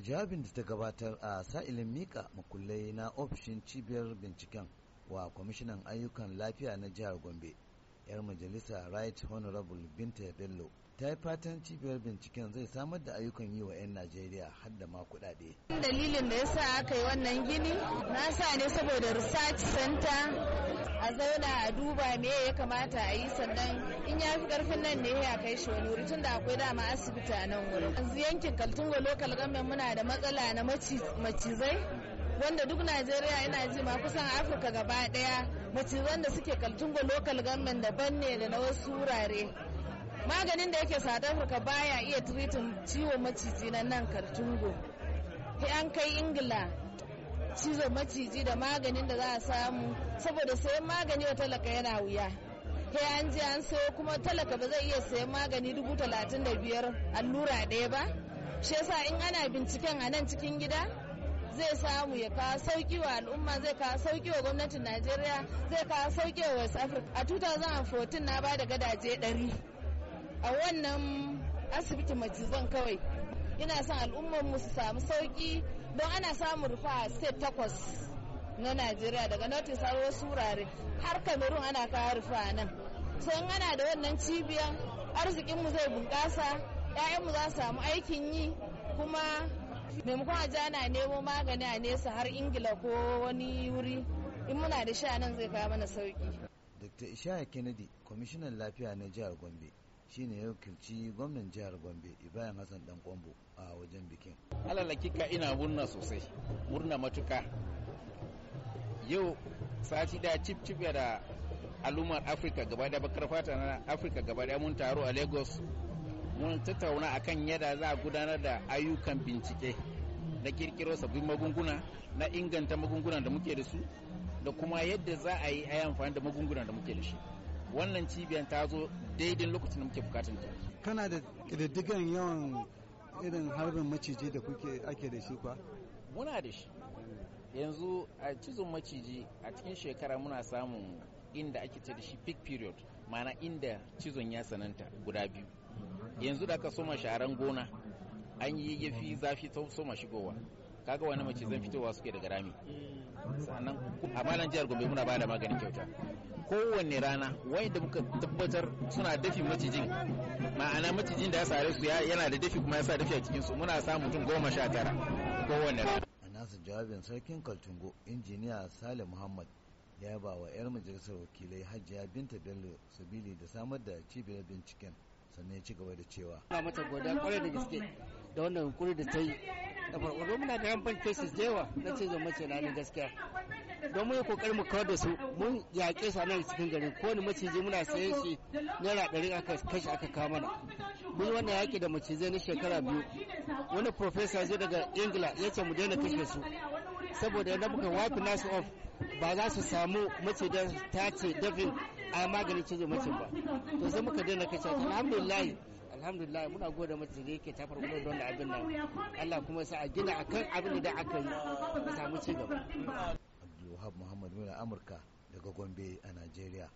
jawabin da ta gabatar a sa'ilin mika makullai na ofishin cibiyar binciken wa kwamishinan ayyukan lafiya na jihar gombe yar majalisa right honorable binta bello ta yi fatan cibiyar binciken zai samar da ayyukan yi wa 'yan najeriya har da ma kuɗaɗe. dalilin da ya sa aka yi wannan gini na sa ne saboda research center a zauna a duba me ya kamata a yi sannan in ya fi karfin nan ne ya kai shi wani wuri tunda akwai dama asibiti a nan wuri yanzu yankin kaltungo lokal government muna da matsala na macizai wanda duk najeriya yana ji ma kusan afirka gaba daya macizan da suke kaltungo lokal government daban ne da na wasu wurare maganin da yake south africa baya iya tiritin ciwon maciji na nan kaltungo an kai ingila cizon maciji da maganin da za a samu saboda sayan magani wa talaka yana wuya sai an je an sayo kuma talaka ba zai iya sayan magani dubu talatin da biyar allura ɗaya ba shi yasa in ana binciken a nan cikin gida zai samu ya kawo sauki wa al'umma zai kawo sauki wa gwamnatin najeriya zai kawo sauki wa west africa a 2014 na ba da gadaje 100 a wannan asibiti macizan kawai ina son al'ummar mu su samu sauki don ana samun rufa state takwas na najeriya daga notis har wasu wurare har cameroon ana kawo rufa nan so in ana da wannan cibiyan arzikinmu zai bunƙasa 'ya'yanmu za su samu aikin yi kuma maimakon a jana nemo magani a nesa har ingila ko wani wuri in muna da sha nan zai kawo mana sauki dr ishaya kennedy kwamishinan lafiya na jihar gombe shine ya wakilci gwamnan jihar gombe ibrahim hassan dan kwambo a wajen bikin alalakika ina murna sosai murna matuka yau sati da cip cip da al'ummar afirka gaba da bakar fata na afirka gaba da mun taro a lagos mun tattauna akan yadda za a gudanar da ayyukan bincike na kirkiro sabbin magunguna na inganta magungunan da muke da su da kuma yadda za a yi amfani da magungunan da muke da shi wannan cibiyar ta zo daidai lokacin da muke bukatun ta kana da ƙididdigan yawan irin harbin maciji da kuke ake da shi kwa muna da shi yanzu a cizon maciji a cikin shekara muna samun inda ake ce da shi peak period mana inda cizon ya sananta guda biyu yanzu da aka soma sharan gona an yi yafi zafi ta soma shigowa kaga wani mace zan fitowa suke daga rami sannan a malam jihar gombe muna bada maganin kyauta kowane rana wanda muka tabbatar suna dafi macijin ma'ana macijin da ya sare su yana da dafi kuma ya sa dafi a cikin su muna samu mutum goma sha tara kowanne rana a nasa jawabin sarkin kaltungo injiniya sale muhammad ya ba wa 'yar majalisar wakilai hajiya binta bello sabili da samar da cibiyar binciken sannan ya ci gaba da cewa ana mata godiya kwarai da gaske da wannan yunkuri da ta yi da farko muna da rampant cases da yawa na cizon na ne gaskiya don mu yi kokarin mu kawar da su mun yaƙe su nan cikin ko kowane maciji muna sayan shi naira ɗari aka kashe aka kama mana mun yi wannan yaƙi da macizai na shekara biyu wani profesa zai daga ingila ya ce mu daina kashe su saboda yadda muka wafi nasu off ba za su samu ta ce dafin a maganin cizon macin ba to sai muka daina kashe alhamdulillah alhamdulillah muna gode mata da yake tafar mana don abin nan Allah kuma sa a gina akan abin da aka yi a samu ci gaba Abdulwahab Muhammad Mura Amurka daga Gombe a Najeriya